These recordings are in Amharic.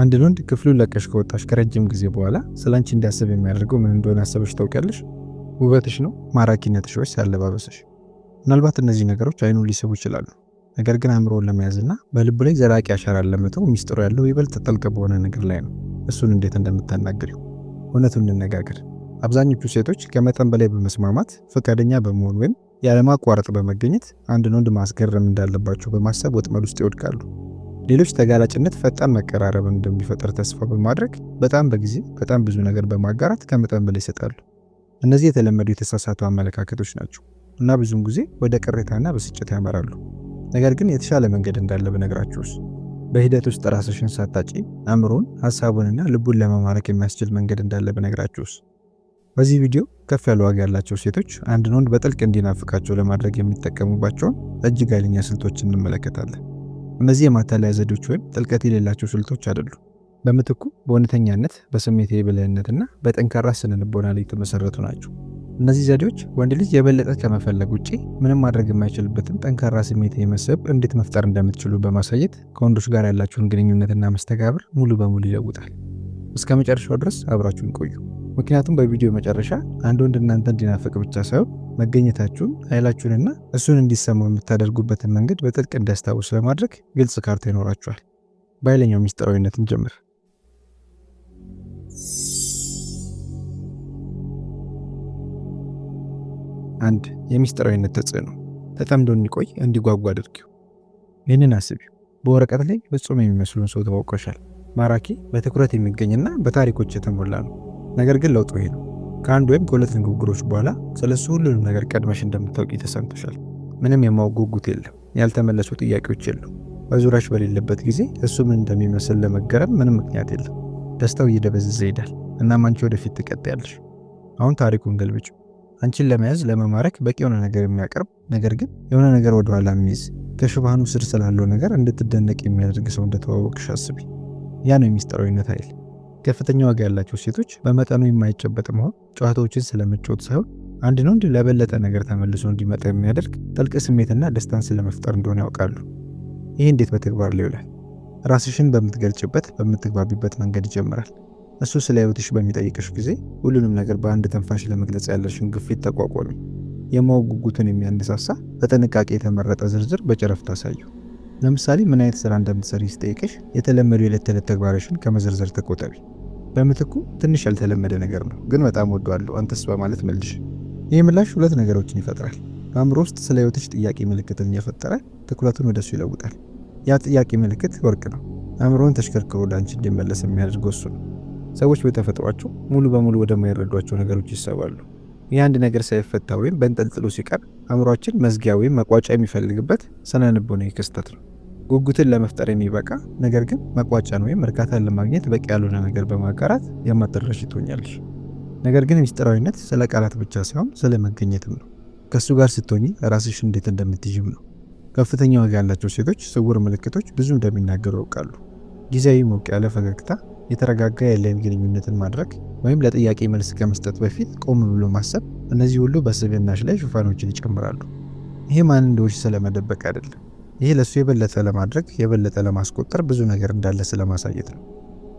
አንድን ወንድ ክፍሉን ለቀሽ ከወጣሽ ከረጅም ጊዜ በኋላ ስለ አንቺ እንዲያስብ የሚያደርገው ምን እንደሆነ አሰበሽ ታውቂያለሽ? ውበትሽ ነው፣ ማራኪነትሽ ወይስ ያለባበሰሽ? ምናልባት እነዚህ ነገሮች አይኑን ሊስቡ ይችላሉ። ነገር ግን አእምሮውን ለመያዝና በልቡ ላይ ዘላቂ አሻራን ለመተው ሚስጥሩ ያለው ይበልጥ ጥልቅ በሆነ ነገር ላይ ነው። እሱን እንዴት እንደምታናግሪው እውነቱን እንነጋገር። አብዛኞቹ ሴቶች ከመጠን በላይ በመስማማት ፈቃደኛ በመሆን ወይም ያለማቋረጥ በመገኘት አንድን ወንድ ማስገረም እንዳለባቸው በማሰብ ወጥመድ ውስጥ ይወድቃሉ። ሌሎች ተጋላጭነት ፈጣን መቀራረብ እንደሚፈጠር ተስፋ በማድረግ በጣም በጊዜ በጣም ብዙ ነገር በማጋራት ከመጠን በላይ ይሰጣሉ። እነዚህ የተለመዱ የተሳሳቱ አመለካከቶች ናቸው እና ብዙውን ጊዜ ወደ ቅሬታና ብስጭት ያመራሉ። ነገር ግን የተሻለ መንገድ እንዳለ ብነግራችሁስ? በሂደት ውስጥ ራስሽን ሳታጪ አእምሮን፣ ሀሳቡንና ልቡን ለመማረክ የሚያስችል መንገድ እንዳለ ብነግራችሁስ? በዚህ ቪዲዮ ከፍ ያለ ዋጋ ያላቸው ሴቶች አንድን ወንድ በጥልቅ እንዲናፍቃቸው ለማድረግ የሚጠቀሙባቸውን እጅግ ኃይለኛ ስልቶች እንመለከታለን። እነዚህ የማታለያ ዘዴዎች ወይም ጥልቀት የሌላቸው ስልቶች አይደሉም። በምትኩ በእውነተኛነት በስሜት ብልህነትና በጠንካራ ስነ ልቦና ላይ የተመሰረቱ ናቸው። እነዚህ ዘዴዎች ወንድ ልጅ የበለጠ ከመፈለግ ውጪ ምንም ማድረግ የማይችልበትን ጠንካራ ስሜት መስህብ እንዴት መፍጠር እንደምትችሉ በማሳየት ከወንዶች ጋር ያላችሁን ግንኙነትና መስተጋብር ሙሉ በሙሉ ይለውጣል። እስከ መጨረሻው ድረስ አብራችሁን ቆዩ። ምክንያቱም በቪዲዮ መጨረሻ አንድ ወንድ እናንተ እንዲናፍቅ ብቻ ሳይሆን መገኘታችሁን ኃይላችሁንና እሱን እንዲሰማው የምታደርጉበትን መንገድ በጥልቅ እንዲያስታውሱ ለማድረግ ግልጽ ካርታ ይኖራችኋል። በኃይለኛው ሚስጥራዊነትን እንጀምር። አንድ የሚስጥራዊነት ተጽዕኖ ተጠምዶ እንዲቆይ እንዲጓጓ አድርጊው። ይህንን አስቢ። በወረቀት ላይ ፍጹም የሚመስሉን ሰው ተዋውቆሻል። ማራኪ፣ በትኩረት የሚገኝና በታሪኮች የተሞላ ነው። ነገር ግን ለውጡ ይሄ ነው። ከአንድ ወይም ከሁለት ንግግሮች በኋላ ስለሱ ሁሉንም ነገር ቀድመሽ እንደምታውቂ ተሰምቶሻል። ምንም የማወቅ ጉጉት የለም። ያልተመለሱ ጥያቄዎች የሉም። በዙሪያሽ በሌለበት ጊዜ እሱ ምን እንደሚመስል ለመገረም ምንም ምክንያት የለም። ደስታው እየደበዘዘ ይሄዳል። እናም አንቺ ወደፊት ትቀጥያለሽ። አሁን ታሪኩን ገልብጩ። አንቺን ለመያዝ ለመማረክ በቂ የሆነ ነገር የሚያቀርብ ነገር ግን የሆነ ነገር ወደኋላ የሚይዝ ከሽፋኑ ስር ስላለው ነገር እንድትደነቅ የሚያደርግ ሰው እንደተዋወቅሽ አስቢ። ያ ነው የሚስጥራዊነት ኃይል። ከፍተኛ ዋጋ ያላቸው ሴቶች በመጠኑ የማይጨበጥ መሆን ጨዋታዎችን ስለመጫወት ሳይሆን አንድን ወንድ ለበለጠ ነገር ተመልሶ እንዲመጣ የሚያደርግ ጥልቅ ስሜትና ደስታን ስለመፍጠር እንደሆነ ያውቃሉ። ይህ እንዴት በተግባር ላይ ይውላል? ራስሽን በምትገልጭበት በምትግባቢበት መንገድ ይጀምራል። እሱ ስለ ህይወትሽ በሚጠይቅሽ ጊዜ ሁሉንም ነገር በአንድ ተንፋሽ ለመግለጽ ያለሽን ግፊት ተቋቋሚ። የማወቅ ጉጉትን የሚያነሳሳ በጥንቃቄ የተመረጠ ዝርዝር በጨረፍታ አሳዩ። ለምሳሌ ምን አይነት ስራ እንደምትሰሪ ሲጠይቅሽ የተለመዱ የዕለት ተዕለት ተግባሮችን ከመዘርዘር ተቆጠቢ። በምትኩ ትንሽ ያልተለመደ ነገር ነው ግን በጣም ወዷለሁ አንተስ በማለት መልሽ። ይህ ምላሽ ሁለት ነገሮችን ይፈጥራል። በአእምሮ ውስጥ ስለ ህይወትሽ ጥያቄ ምልክትን እየፈጠረ ትኩረቱን ወደሱ ይለውጣል። ያ ጥያቄ ምልክት ወርቅ ነው። አእምሮን ተሽከርክሮ ወደ አንቺ እንዲመለስ የሚያደርገው እሱ ነው። ሰዎች በተፈጥሯቸው ሙሉ በሙሉ ወደማይረዷቸው ነገሮች ይሰባሉ። የአንድ ነገር ሳይፈታ ወይም በንጠልጥሎ ሲቀር አእምሯችን መዝጊያ ወይም መቋጫ የሚፈልግበት ስነ ልቦናዊ ክስተት ነው። ጉጉትን ለመፍጠር የሚበቃ ነገር ግን መቋጫን ወይም እርካታን ለማግኘት በቂ ያልሆነ ነገር በማጋራት የማትረሽ ትሆኛለሽ። ነገር ግን ሚስጥራዊነት ስለ ቃላት ብቻ ሳይሆን ስለ መገኘትም ነው። ከእሱ ጋር ስትሆኝ ራስሽ እንዴት እንደምትይም ነው። ከፍተኛ ዋጋ ያላቸው ሴቶች ስውር ምልክቶች ብዙ እንደሚናገሩ ያውቃሉ። ጊዜያዊ ሞቅ ያለ ፈገግታ፣ የተረጋጋ ያለን ግንኙነትን ማድረግ ወይም ለጥያቄ መልስ ከመስጠት በፊት ቆም ብሎ ማሰብ፣ እነዚህ ሁሉ በስብናሽ ላይ ሽፋኖችን ይጨምራሉ። ይሄ ማን እንደሆንሽ ስለመደበቅ አይደለም ይህ ለእሱ የበለጠ ለማድረግ የበለጠ ለማስቆጠር ብዙ ነገር እንዳለ ስለማሳየት ነው።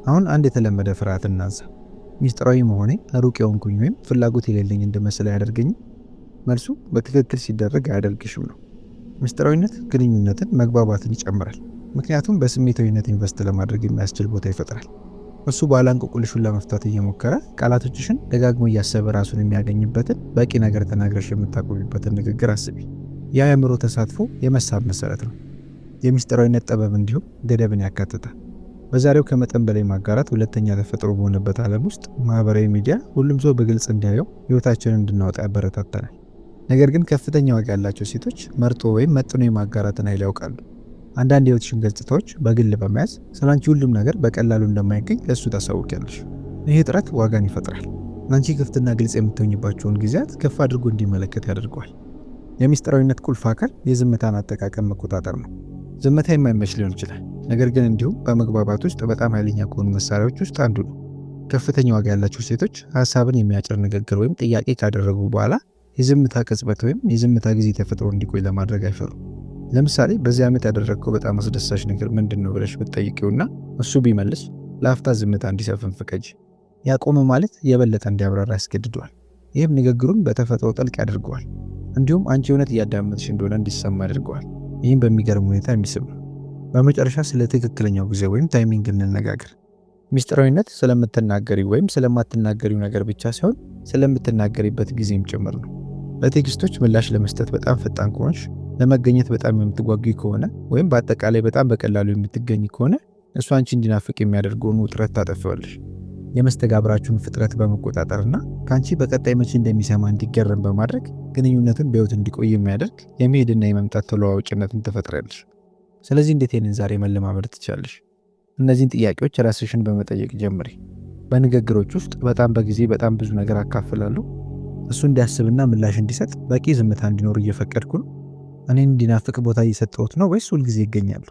አሁን አንድ የተለመደ ፍርሃት እናንሳ። ሚስጥራዊ መሆኔ ሩቅ የሆንኩኝ ወይም ፍላጎት የሌለኝ እንደመሰለ አያደርገኝም? መልሱ በትክክል ሲደረግ አያደርግሽም ነው። ሚስጥራዊነት ግንኙነትን፣ መግባባትን ይጨምራል። ምክንያቱም በስሜታዊነት ኢንቨስት ለማድረግ የሚያስችል ቦታ ይፈጥራል። እሱ ባላንቆቁልሹን ለመፍታት እየሞከረ ቃላቶችሽን ደጋግሞ እያሰበ ራሱን የሚያገኝበትን በቂ ነገር ተናግረሽ የምታቆሚበትን ንግግር አስቢ። የአእምሮ ተሳትፎ የመሳብ መሰረት ነው። የምስጢራዊነት ጥበብ እንዲሁም ገደብን ያካትታል። በዛሬው ከመጠን በላይ ማጋራት ሁለተኛ ተፈጥሮ በሆነበት ዓለም ውስጥ ማህበራዊ ሚዲያ ሁሉም ሰው በግልጽ እንዲያየው ሕይወታችንን እንድናወጣ ያበረታታናል። ነገር ግን ከፍተኛ ዋጋ ያላቸው ሴቶች መርጦ ወይም መጥኖ የማጋራትን ኃይል ያውቃሉ። አንዳንድ የሕይወትሽን ገጽታዎች በግል በመያዝ ስላንቺ ሁሉም ነገር በቀላሉ እንደማይገኝ ለእሱ ታሳውቂያለሽ። ይህ ጥረት ዋጋን ይፈጥራል። ለአንቺ ክፍትና ግልጽ የምትሆኝባቸውን ጊዜያት ከፍ አድርጎ እንዲመለከት ያደርገዋል። የሚስጥራዊነት ቁልፍ አካል የዝምታን አጠቃቀም መቆጣጠር ነው። ዝምታ የማይመች ሊሆን ይችላል፣ ነገር ግን እንዲሁም በመግባባት ውስጥ በጣም ኃይለኛ ከሆኑ መሳሪያዎች ውስጥ አንዱ ነው። ከፍተኛ ዋጋ ያላቸው ሴቶች ሀሳብን የሚያጭር ንግግር ወይም ጥያቄ ካደረጉ በኋላ የዝምታ ቅጽበት ወይም የዝምታ ጊዜ ተፈጥሮ እንዲቆይ ለማድረግ አይፈሩም። ለምሳሌ በዚህ ዓመት ያደረግከው በጣም አስደሳች ነገር ምንድን ነው ብለሽ ብትጠይቂውና እሱ ቢመልስ ለአፍታ ዝምታ እንዲሰፍን ፍቀጅ። ያቆመ ማለት የበለጠ እንዲያብራራ ያስገድደዋል። ይህም ንግግሩን በተፈጥሮ ጥልቅ ያደርገዋል። እንዲሁም አንቺ እውነት እያዳመጥሽ እንደሆነ እንዲሰማ አድርገዋል ይህም በሚገርም ሁኔታ የሚስብ ነው። በመጨረሻ ስለ ትክክለኛው ጊዜ ወይም ታይሚንግ እንነጋገር። ሚስጥራዊነት ስለምትናገሪው ወይም ስለማትናገሪው ነገር ብቻ ሳይሆን ስለምትናገሪበት ጊዜም ጭምር ነው። ለቴክስቶች ምላሽ ለመስጠት በጣም ፈጣን ከሆንሽ፣ ለመገኘት በጣም የምትጓጊ ከሆነ ወይም በአጠቃላይ በጣም በቀላሉ የምትገኝ ከሆነ እሱ አንቺ እንዲናፍቅ የሚያደርገውን ውጥረት ታጠፊዋለሽ። የመስተጋብራችሁን ፍጥረት በመቆጣጠርና ከአንቺ በቀጣይ መቼ እንደሚሰማ እንዲገረም በማድረግ ግንኙነቱን በሕይወት እንዲቆይ የሚያደርግ የመሄድና የመምጣት ተለዋዋጭነትን ትፈጥሪያለሽ። ስለዚህ እንዴት ይህንን ዛሬ መለማመድ ትቻለሽ? እነዚህን ጥያቄዎች ራስሽን በመጠየቅ ጀምሪ። በንግግሮች ውስጥ በጣም በጊዜ በጣም ብዙ ነገር አካፍላለሁ እሱ እንዲያስብና ምላሽ እንዲሰጥ በቂ ዝምታ እንዲኖር እየፈቀድኩ ነው። እኔን እንዲናፍቅ ቦታ እየሰጠሁት ነው ወይስ ሁልጊዜ ይገኛሉ?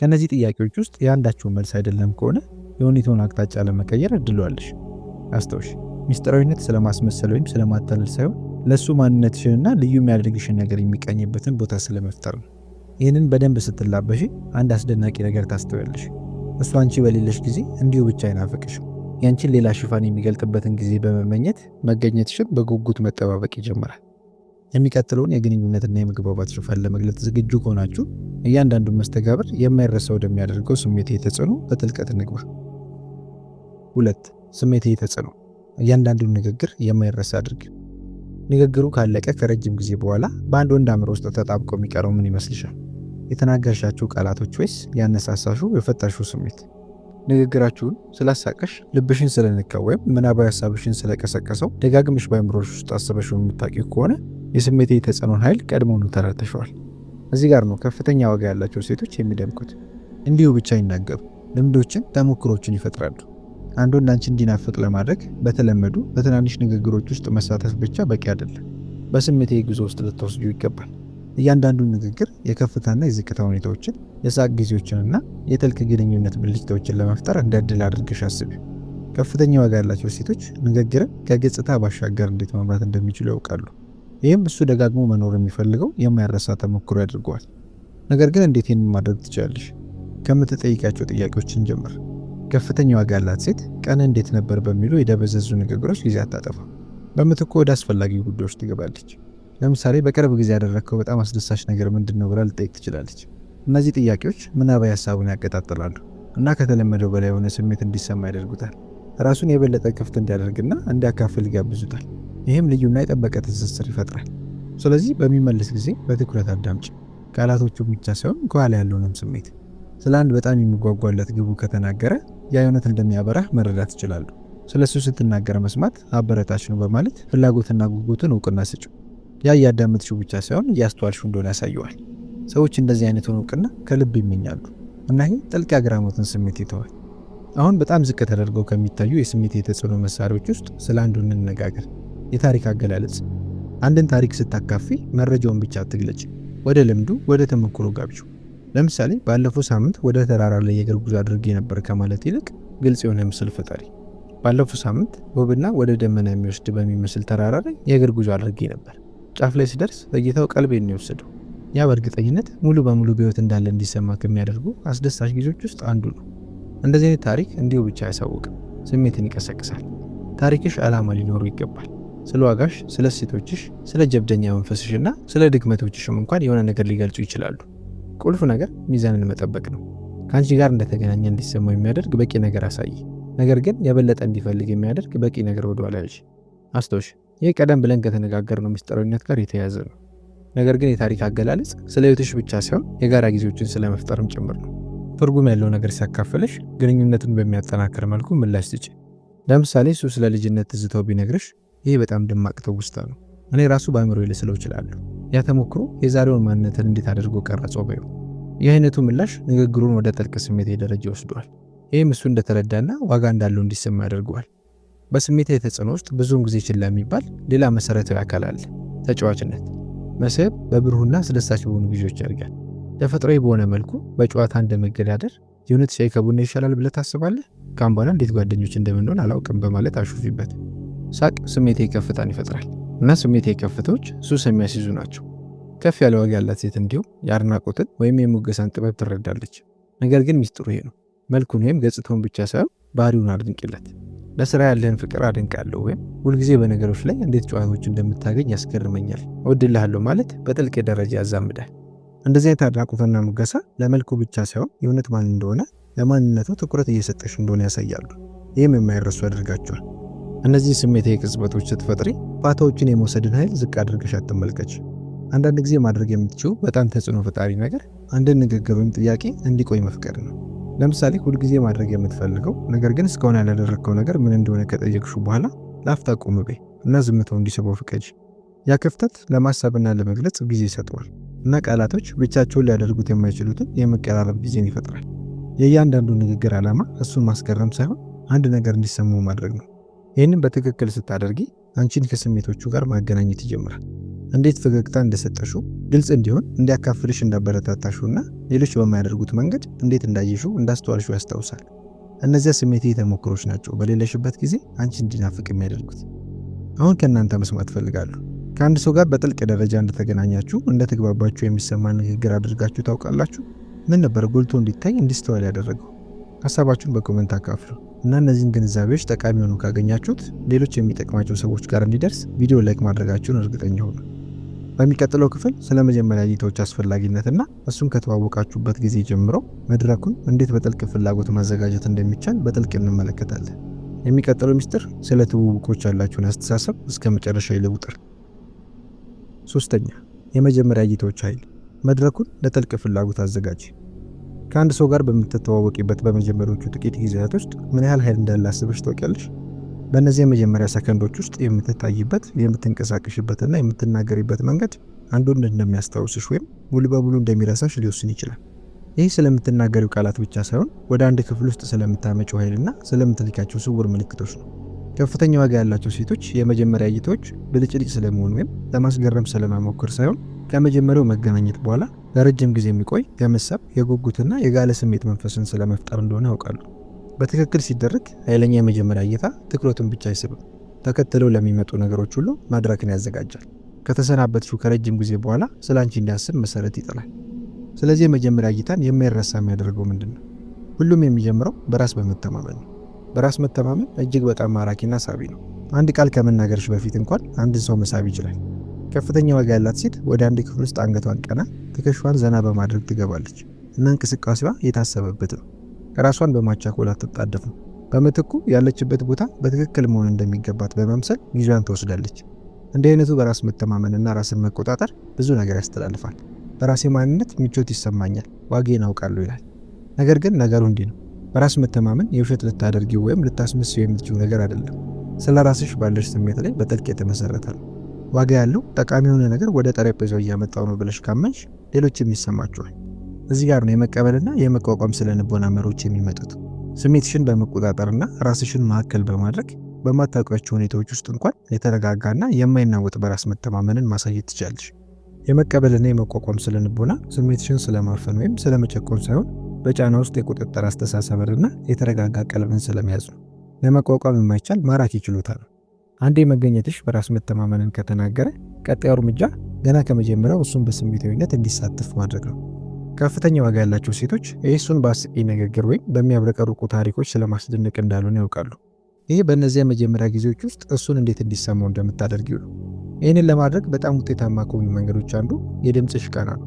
ከእነዚህ ጥያቄዎች ውስጥ የአንዳችሁን መልስ አይደለም ከሆነ የሁኔታውን አቅጣጫ ለመቀየር እድሏለሽ። አስተውሽ፣ ሚስጥራዊነት ስለማስመሰል ወይም ስለማታለል ሳይሆን ለእሱ ማንነትሽንና ልዩ የሚያደርግሽን ነገር የሚቀኝበትን ቦታ ስለመፍጠር ነው። ይህንን በደንብ ስትላበሽ አንድ አስደናቂ ነገር ታስተውያለሽ። እሱ አንቺ በሌለሽ ጊዜ እንዲሁ ብቻ አይናፍቅሽም። ያንቺን ሌላ ሽፋን የሚገልጥበትን ጊዜ በመመኘት መገኘትሽን በጉጉት መጠባበቅ ይጀምራል። የሚቀጥለውን የግንኙነትና የመግባባት ሽፋን ለመግለጽ ዝግጁ ከሆናችሁ እያንዳንዱን መስተጋብር የማይረሳ ወደሚያደርገው ስሜት የተጽዕኖ በጥልቀት እንግባ። ሁለት ስሜት ተጽዕኖ። እያንዳንዱን ንግግር የማይረሳ አድርግ። ንግግሩ ካለቀ ከረጅም ጊዜ በኋላ በአንድ ወንድ አእምሮ ውስጥ ተጣብቆ የሚቀረው ምን ይመስልሻል? የተናገርሻችሁ ቃላቶች ወይስ ያነሳሳሹ የፈጠርሹ ስሜት? ንግግራችሁን ስላሳቀሽ፣ ልብሽን ስለነካው ወይም ምናባዊ ሀሳብሽን ስለቀሰቀሰው ደጋግምሽ በአእምሮሽ ውስጥ አስበሽው የምታውቂው ከሆነ የስሜታዊ ተጽዕኖን ኃይል ቀድሞውኑ ተረድተሸዋል። እዚህ ጋር ነው ከፍተኛ ዋጋ ያላቸው ሴቶች የሚደምቁት። እንዲሁ ብቻ ይናገሩ፣ ልምዶችን፣ ተሞክሮችን ይፈጥራሉ። አንድ ወንድ አንቺ እንዲናፍቅ ለማድረግ በተለመዱ በትናንሽ ንግግሮች ውስጥ መሳተፍ ብቻ በቂ አይደለም። በስሜት ጉዞ ውስጥ ልትወስዱ ይገባል። እያንዳንዱ ንግግር የከፍታና የዝቅታ ሁኔታዎችን፣ የሳቅ ጊዜዎችንና የጥልቅ ግንኙነት ብልጭታዎችን ለመፍጠር እንደ አድርገሽ አስቢ። ከፍተኛ ዋጋ ያላቸው ሴቶች ንግግርን ከገጽታ ባሻገር እንዴት መምራት እንደሚችሉ ያውቃሉ። ይህም እሱ ደጋግሞ መኖር የሚፈልገው የማይረሳ ተሞክሮ ያድርገዋል። ነገር ግን እንዴት ይህን ማድረግ ትችላለሽ? ከምትጠይቂያቸው ጥያቄዎችን ጀምር። ከፍተኛ ዋጋ ያላት ሴት ቀን እንዴት ነበር በሚሉ የደበዘዙ ንግግሮች ጊዜ አታጠፋ። በምትኩ ወደ አስፈላጊ ጉዳዮች ትገባለች። ለምሳሌ በቅርብ ጊዜ ያደረግከው በጣም አስደሳች ነገር ምንድን ነው ብላ ልጠይቅ ትችላለች። እነዚህ ጥያቄዎች ምናባዊ ሀሳቡን ያቀጣጥላሉ እና ከተለመደው በላይ የሆነ ስሜት እንዲሰማ ያደርጉታል። ራሱን የበለጠ ክፍት እንዲያደርግና እንዲያካፍል ይጋብዙታል። ይህም ልዩና የጠበቀ ትስስር ይፈጥራል። ስለዚህ በሚመልስ ጊዜ በትኩረት አዳምጭ። ቃላቶቹ ብቻ ሳይሆን ከኋላ ያለውንም ስሜት ስለ አንድ በጣም የሚጓጓለት ግቡ ከተናገረ ያ እንደሚያበራ እንደሚያበራህ መረዳት ይችላሉ። ስለ እሱ ስትናገር መስማት አበረታች ነው በማለት ፍላጎትና ጉጉትን እውቅና ስጭው። ያ እያዳመጥሽው ብቻ ሳይሆን እያስተዋልሽው እንደሆነ ያሳየዋል። ሰዎች እንደዚህ አይነቱን እውቅና ከልብ ይመኛሉ እና ይህ ጥልቅ የአግራሞትን ስሜት ይተዋል። አሁን በጣም ዝቅ ተደርገው ከሚታዩ የስሜት የተጽዕኖ መሳሪያዎች ውስጥ ስለ አንዱ እንነጋገር። የታሪክ አገላለጽ። አንድን ታሪክ ስታካፊ መረጃውን ብቻ አትግለጭ። ወደ ልምዱ፣ ወደ ተሞክሮ ጋብቸው። ለምሳሌ ባለፈው ሳምንት ወደ ተራራ ላይ የእግር ጉዞ አድርጌ ነበር ከማለት ይልቅ ግልጽ የሆነ ምስል ፍጠሪ። ባለፈው ሳምንት ውብና ወደ ደመና የሚወስድ በሚመስል ተራራ ላይ የእግር ጉዞ አድርጌ ነበር። ጫፍ ላይ ስደርስ በጌታው ቀልቤን ነው የወሰደው። ያ በእርግጠኝነት ሙሉ በሙሉ በሕይወት እንዳለ እንዲሰማ ከሚያደርጉ አስደሳች ጊዜዎች ውስጥ አንዱ ነው። እንደዚህ አይነት ታሪክ እንዲሁ ብቻ አያሳውቅም፣ ስሜትን ይቀሰቅሳል። ታሪክሽ ዓላማ ሊኖሩ ይገባል። ስለ ዋጋሽ፣ ስለ እሴቶችሽ፣ ስለ ጀብደኛ መንፈስሽ እና ስለ ድክመቶችሽም እንኳን የሆነ ነገር ሊገልጹ ይችላሉ። ቁልፍ ነገር ሚዛንን መጠበቅ ነው። ከአንቺ ጋር እንደተገናኘ እንዲሰማው የሚያደርግ በቂ ነገር አሳይ። ነገር ግን የበለጠ እንዲፈልግ የሚያደርግ በቂ ነገር ወደኋላ ያልሽ አስቶሽ። ይህ ቀደም ብለን ከተነጋገርነው ምስጢራዊነት ጋር የተያያዘ ነው። ነገር ግን የታሪክ አገላለጽ ስለ ሕይወትሽ ብቻ ሳይሆን የጋራ ጊዜዎችን ስለ መፍጠርም ጭምር ነው። ትርጉም ያለው ነገር ሲያካፍልሽ ግንኙነቱን በሚያጠናክር መልኩ ምላሽ ስጪ። ለምሳሌ እሱ ስለ ልጅነት ትዝታው ቢነግርሽ ይህ በጣም ደማቅ ትውስታ ነው፣ እኔ ራሱ በአእምሮ ልስለው እችላለሁ። ያ ተሞክሮ የዛሬውን ማንነትን እንዴት አድርጎ ቀረጾ በዩ። ይህ አይነቱ ምላሽ ንግግሩን ወደ ጥልቅ ስሜት ደረጃ ይወስደዋል። ይህም እሱ እንደተረዳና ዋጋ እንዳለው እንዲሰማ ያደርገዋል። በስሜታዊ ተጽዕኖ ውስጥ ብዙውን ጊዜ ችላ የሚባል ሌላ መሰረታዊ አካል አለ፣ ተጫዋችነት። መስህብ በብሩህና አስደሳች በሆኑ ጊዜዎች ያድጋል። ተፈጥሯዊ በሆነ መልኩ በጨዋታ እንደመገዳደር የእውነት ሻይ ከቡና ይሻላል ብለህ ታስባለህ? ካም በኋላ እንዴት ጓደኞች እንደምንሆን አላውቅም በማለት አሹፊበት። ሳቅ ስሜታዊ ከፍታን ይፈጥራል። እና ስሜታዊ ከፍታዎች ሱስ የሚያስይዙ ናቸው። ከፍ ያለ ዋጋ ያላት ሴት እንዲሁም የአድናቆትን ወይም የሙገሳን ጥበብ ትረዳለች። ነገር ግን ሚስጥሩ ይሄ ነው። መልኩን ወይም ገጽታውን ብቻ ሳይሆን ባህሪውን አድንቅለት። ለስራ ያለህን ፍቅር አድንቃለሁ ወይም ሁልጊዜ በነገሮች ላይ እንዴት ጨዋታዎች እንደምታገኝ ያስገርመኛል። እወድልሃለሁ ማለት በጥልቅ ደረጃ ያዛምዳል። እንደዚህ አይነት አድናቆትና ሙገሳ ለመልኩ ብቻ ሳይሆን የእውነት ማን እንደሆነ ለማንነቱ ትኩረት እየሰጠሽ እንደሆነ ያሳያሉ። ይህም የማይረሱ ያደርጋቸዋል። እነዚህ ስሜታዊ ቅጽበቶች ስትፈጥሪ ፋታዎችን የመውሰድን ኃይል ዝቅ አድርገሽ አትመልከች። አንዳንድ ጊዜ ማድረግ የምትችው በጣም ተጽዕኖ ፈጣሪ ነገር አንድን ንግግር ወይም ጥያቄ እንዲቆይ መፍቀድ ነው። ለምሳሌ ሁልጊዜ ማድረግ የምትፈልገው ነገር ግን እስካሁን ያላደረግከው ነገር ምን እንደሆነ ከጠየቅሹ በኋላ ለአፍታ ቁም በይ እና ዝምታው እንዲስበው ፍቀጅ። ያ ክፍተት ለማሰብና ለመግለጽ ጊዜ ይሰጠዋል እና ቃላቶች ብቻቸውን ሊያደርጉት የማይችሉትን የመቀራረብ ጊዜን ይፈጥራል። የእያንዳንዱ ንግግር ዓላማ እሱን ማስገረም ሳይሆን አንድ ነገር እንዲሰሙ ማድረግ ነው። ይህንን በትክክል ስታደርጊ አንቺን ከስሜቶቹ ጋር ማገናኘት ይጀምራል። እንዴት ፈገግታ እንደሰጠሹ ግልጽ እንዲሆን እንዲያካፍልሽ እንዳበረታታሹ እና ሌሎች በማያደርጉት መንገድ እንዴት እንዳየሹ እንዳስተዋልሹ ያስታውሳል። እነዚያ ስሜት ተሞክሮች ናቸው በሌለሽበት ጊዜ አንቺ እንዲናፍቅ የሚያደርጉት። አሁን ከእናንተ መስማት ፈልጋሉ። ከአንድ ሰው ጋር በጥልቅ ደረጃ እንደተገናኛችሁ እንደተግባባችሁ የሚሰማ ንግግር አድርጋችሁ ታውቃላችሁ? ምን ነበር ጎልቶ እንዲታይ እንዲስተዋል ያደረገው? ሀሳባችሁን በኮመንት አካፍሉ እና እነዚህን ግንዛቤዎች ጠቃሚ ሆኑ ካገኛችሁት ሌሎች የሚጠቅማቸው ሰዎች ጋር እንዲደርስ ቪዲዮ ላይክ ማድረጋችሁን እርግጠኛ ሆኑ። በሚቀጥለው ክፍል ስለ መጀመሪያ እይታዎች አስፈላጊነትና እሱን ከተዋወቃችሁበት ጊዜ ጀምሮ መድረኩን እንዴት በጥልቅ ፍላጎት ማዘጋጀት እንደሚቻል በጥልቅ እንመለከታለን። የሚቀጥለው ሚስጥር ስለ ትውውቆች ያላችሁን አስተሳሰብ እስከ መጨረሻ ይለውጥር። ሶስተኛ የመጀመሪያ እይታዎች ኃይል፣ መድረኩን ለጥልቅ ፍላጎት አዘጋጅ። ከአንድ ሰው ጋር በምትተዋወቂበት በመጀመሪያዎቹ ጥቂት ጊዜያት ውስጥ ምን ያህል ኃይል እንዳለ አስበሽ ታውቂያለሽ? በእነዚህ የመጀመሪያ ሰከንዶች ውስጥ የምትታይበት፣ የምትንቀሳቀሽበትና የምትናገሪበት መንገድ አንዱን እንደሚያስታውስሽ ወይም ሙሉ በሙሉ እንደሚረሳሽ ሊወስን ይችላል። ይህ ስለምትናገሪው ቃላት ብቻ ሳይሆን ወደ አንድ ክፍል ውስጥ ስለምታመጪው ኃይልና ስለምትልኪያቸው ስውር ምልክቶች ነው። ከፍተኛ ዋጋ ያላቸው ሴቶች የመጀመሪያ እይታዎች ብልጭልጭ ስለመሆን ወይም ለማስገረም ስለመሞከር ሳይሆን ከመጀመሪያው መገናኘት በኋላ ለረጅም ጊዜ የሚቆይ የመሳብ የጉጉትና የጋለ ስሜት መንፈስን ስለመፍጠር እንደሆነ ያውቃሉ። በትክክል ሲደረግ ኃይለኛ የመጀመሪያ እይታ ትኩረቱን ብቻ አይስብም፣ ተከትለው ለሚመጡ ነገሮች ሁሉ ማድረክን ያዘጋጃል። ከተሰናበትሽው ከረጅም ጊዜ በኋላ ስለ አንቺ እንዲያስብ መሰረት ይጥላል። ስለዚህ የመጀመሪያ እይታን የማይረሳ የሚያደርገው ምንድን ነው? ሁሉም የሚጀምረው በራስ በመተማመን ነው። በራስ መተማመን እጅግ በጣም ማራኪና ሳቢ ነው። አንድ ቃል ከመናገርሽ በፊት እንኳን አንድን ሰው መሳብ ይችላል። ከፍተኛ ዋጋ ያላት ሴት ወደ አንድ ክፍል ውስጥ አንገቷን ቀና ትከሻዋን ዘና በማድረግ ትገባለች እና እንቅስቃሴዋ የታሰበበት ነው። ራሷን በማቻኮል አትጣደፍም። በምትኩ ያለችበት ቦታ በትክክል መሆን እንደሚገባት በመምሰል ጊዜዋን ትወስዳለች። እንዲህ አይነቱ በራስ መተማመንና ራስን መቆጣጠር ብዙ ነገር ያስተላልፋል። በራሴ ማንነት ምቾት ይሰማኛል፣ ዋጌ አውቃለሁ ይላል። ነገር ግን ነገሩ እንዲህ ነው። በራስ መተማመን የውሸት ልታደርጊው ወይም ልታስመስው የምትችው ነገር አይደለም። ስለ ራስሽ ባለሽ ስሜት ላይ በጥልቅ የተመሰረተ ነው። ዋጋ ያለው ጠቃሚ የሆነ ነገር ወደ ጠረጴዛው እያመጣው ነው ብለሽ ካመንሽ ሌሎችም ይሰማቸዋል። እዚህ ጋር ነው የመቀበልና የመቋቋም ስነ ልቦና መሮች የሚመጡት። ስሜትሽን በመቆጣጠርና ራስሽን ማዕከል በማድረግ በማታውቂያቸው ሁኔታዎች ውስጥ እንኳን የተረጋጋና የማይናወጥ በራስ መተማመንን ማሳየት ትችላለሽ። የመቀበልና የመቋቋም ስነ ልቦና ስሜትሽን ስለማፈን ወይም ስለመቸኮን ሳይሆን በጫና ውስጥ የቁጥጥር አስተሳሰብንና የተረጋጋ ቀልብን ስለመያዝ ነው። ለመቋቋም የማይቻል ማራኪ ችሎታ ነው። አንዴ መገኘትሽ በራስ መተማመንን ከተናገረ ቀጣዩ እርምጃ ገና ከመጀመሪያው እሱን በስሜታዊነት እንዲሳተፍ ማድረግ ነው። ከፍተኛ ዋጋ ያላቸው ሴቶች የእሱን በአስቂ ንግግር ወይም በሚያብረቀርቁ ታሪኮች ስለማስደነቅ እንዳልሆነ ያውቃሉ። ይህ በእነዚያ መጀመሪያ ጊዜዎች ውስጥ እሱን እንዴት እንዲሰማው እንደምታደርጊው ነው። ይህንን ለማድረግ በጣም ውጤታማ ከሆኑ መንገዶች አንዱ የድምፅ ሽቃና ነው።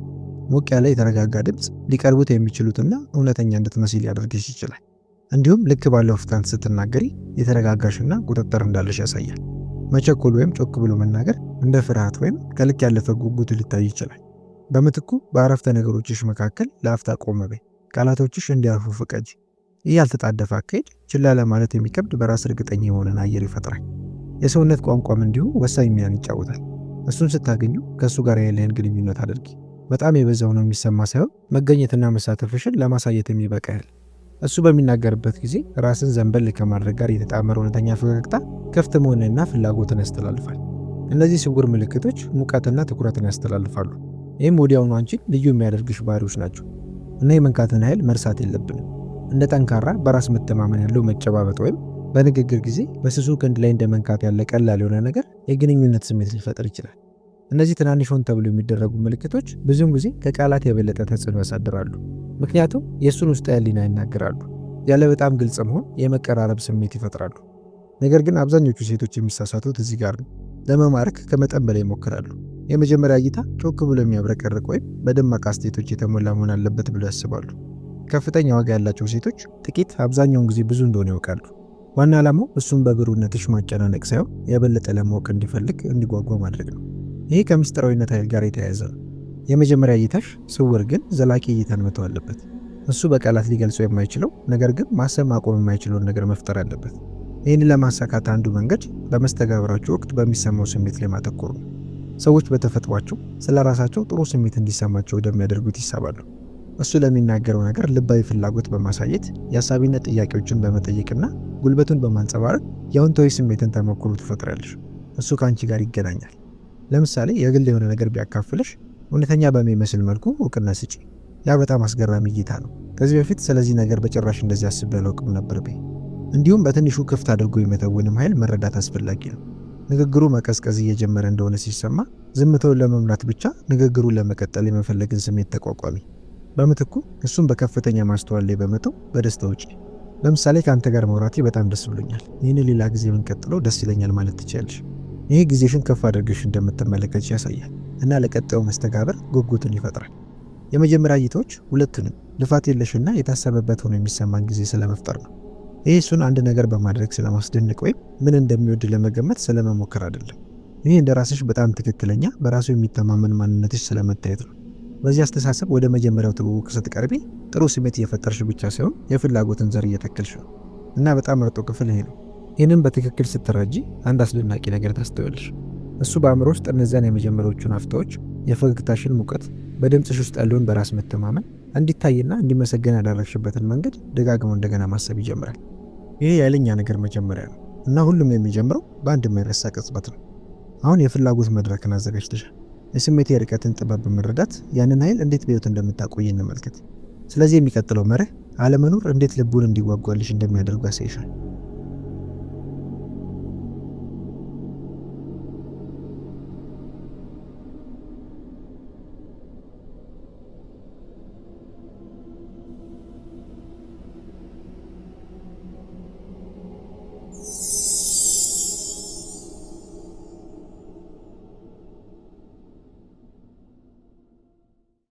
ሞቅ ያለ የተረጋጋ ድምፅ ሊቀርቡት የሚችሉትና እውነተኛ እንድትመስል ሊያደርግሽ ይችላል። እንዲሁም ልክ ባለው ፍጥነት ስትናገሪ የተረጋጋሽና ቁጥጥር እንዳለሽ ያሳያል። መቸኮል ወይም ጮክ ብሎ መናገር እንደ ፍርሃት ወይም ከልክ ያለፈ ጉጉት ሊታይ ይችላል። በምትኩ በአረፍተ ነገሮችሽ መካከል ለአፍታ ቆም በይ፣ ቃላቶችሽ እንዲያርፉ ፍቀጅ። ይህ ያልተጣደፈ አካሄድ ችላ ለማለት የሚከብድ በራስ እርግጠኛ የሆነን አየር ይፈጥራል። የሰውነት ቋንቋም እንዲሁ ወሳኝ ሚናን ይጫወታል። እሱን ስታገኙ ከእሱ ጋር ያለህን ግንኙነት አድርጊ። በጣም የበዛው ነው የሚሰማ ሳይሆን መገኘትና መሳተፍሽን ለማሳየት የሚበቃ ያህል እሱ በሚናገርበት ጊዜ ራስን ዘንበል ከማድረግ ጋር የተጣመረ እውነተኛ ፈገግታ ክፍት መሆንና ፍላጎትን ያስተላልፋል። እነዚህ ስውር ምልክቶች ሙቀትና ትኩረትን ያስተላልፋሉ። ይህም ወዲያውኑ አንቺን ልዩ የሚያደርግሽ ባህሪዎች ናቸው እና የመንካትን ኃይል መርሳት የለብንም። እንደ ጠንካራ በራስ መተማመን ያለው መጨባበጥ ወይም በንግግር ጊዜ በስሱ ክንድ ላይ እንደ መንካት ያለ ቀላል የሆነ ነገር የግንኙነት ስሜት ሊፈጥር ይችላል። እነዚህ ትናንሽ ሆን ተብሎ የሚደረጉ ምልክቶች ብዙውን ጊዜ ከቃላት የበለጠ ተጽዕኖ ያሳድራሉ። ምክንያቱም የእሱን ውስጥ ያሊና ይናገራሉ። ያለ በጣም ግልጽ መሆን የመቀራረብ ስሜት ይፈጥራሉ። ነገር ግን አብዛኞቹ ሴቶች የሚሳሳቱት እዚህ ጋር ነው። ለመማረክ ከመጠን በላይ ይሞክራሉ። የመጀመሪያ እይታ ጮክ ብሎ የሚያብረቀርቅ ወይም በደማቅ አስቴቶች የተሞላ መሆን አለበት ብሎ ያስባሉ። ከፍተኛ ዋጋ ያላቸው ሴቶች ጥቂት አብዛኛውን ጊዜ ብዙ እንደሆነ ያውቃሉ። ዋና ዓላማው እሱም በብሩነት ማጨናነቅ ሳይሆን የበለጠ ለማወቅ እንዲፈልግ እንዲጓጓ ማድረግ ነው። ይህ ከምስጢራዊነት ኃይል ጋር የተያያዘ ነው። የመጀመሪያ እይታሽ ስውር ግን ዘላቂ እይታን መተው አለበት። እሱ በቃላት ሊገልጸው የማይችለው ነገር ግን ማሰብ ማቆም የማይችለውን ነገር መፍጠር አለበት። ይህን ለማሳካት አንዱ መንገድ በመስተጋብራቸው ወቅት በሚሰማው ስሜት ላይ ማተኮር ነው። ሰዎች በተፈጥሯቸው ስለ ራሳቸው ጥሩ ስሜት እንዲሰማቸው ወደሚያደርጉት ይሳባሉ። እሱ ለሚናገረው ነገር ልባዊ ፍላጎት በማሳየት የአሳቢነት ጥያቄዎችን በመጠየቅና ጉልበቱን በማንጸባረቅ የአዎንታዊ ስሜትን ተሞክሮ ትፈጥራለሽ። እሱ ከአንቺ ጋር ይገናኛል። ለምሳሌ የግል የሆነ ነገር ቢያካፍልሽ እውነተኛ በሚመስል መልኩ እውቅና ስጪ። ያ በጣም አስገራሚ እይታ ነው። ከዚህ በፊት ስለዚህ ነገር በጭራሽ እንደዚህ አስቤ አላውቅም ነበር ቤ እንዲሁም በትንሹ ክፍት አድርጎ የመተውንም ኃይል መረዳት አስፈላጊ ነው። ንግግሩ መቀዝቀዝ እየጀመረ እንደሆነ ሲሰማ ዝምታውን ለመምራት ብቻ ንግግሩን ለመቀጠል የመፈለግን ስሜት ተቋቋሚ። በምትኩ እሱም በከፍተኛ ማስተዋል ላይ በመተው በደስታ ውጪ። ለምሳሌ ከአንተ ጋር መውራቴ በጣም ደስ ብሎኛል። ይህን ሌላ ጊዜ ብንቀጥለው ደስ ይለኛል ማለት ትችያለሽ። ይህ ጊዜሽን ከፍ አድርገሽ እንደምትመለከች ያሳያል። እና ለቀጣዩ መስተጋብር ጉጉትን ይፈጥራል። የመጀመሪያ እይታዎች ሁለቱንም ልፋት የለሽና የታሰበበት ሆኖ የሚሰማን ጊዜ ስለመፍጠር ነው። ይህ እሱን አንድ ነገር በማድረግ ስለማስደንቅ ወይም ምን እንደሚወድ ለመገመት ስለመሞከር አይደለም። ይህ እንደ ራስሽ በጣም ትክክለኛ በራሱ የሚተማመን ማንነትሽ ስለመታየት ነው። በዚህ አስተሳሰብ ወደ መጀመሪያው ትውውቅ ስትቀርቢ ጥሩ ስሜት እየፈጠርሽ ብቻ ሳይሆን የፍላጎትን ዘር እየተከልሽ ነው እና በጣም መርጦ ክፍል ይሄ ነው። ይህንም በትክክል ስትረጂ አንድ አስደናቂ ነገር ታስተውያለሽ። እሱ በአእምሮ ውስጥ እነዚያን የመጀመሪያዎቹን አፍታዎች የፈገግታሽን ሙቀት፣ በድምፅሽ ውስጥ ያለውን በራስ መተማመን እንዲታይና እንዲመሰገን ያደረግሽበትን መንገድ ደጋግሞ እንደገና ማሰብ ይጀምራል። ይህ የኃይለኛ ነገር መጀመሪያ ነው እና ሁሉም የሚጀምረው በአንድ የማይረሳ ቅጽበት ነው። አሁን የፍላጎት መድረክን አዘጋጅተሻል። የስሜት የርቀትን ጥበብ በመረዳት ያንን ኃይል እንዴት በሕይወት እንደምታቆይ እንመልከት። ስለዚህ የሚቀጥለው መርህ አለመኖር እንዴት ልቡን እንዲዋጓልሽ እንደሚያደርጉ ያሳይሻል።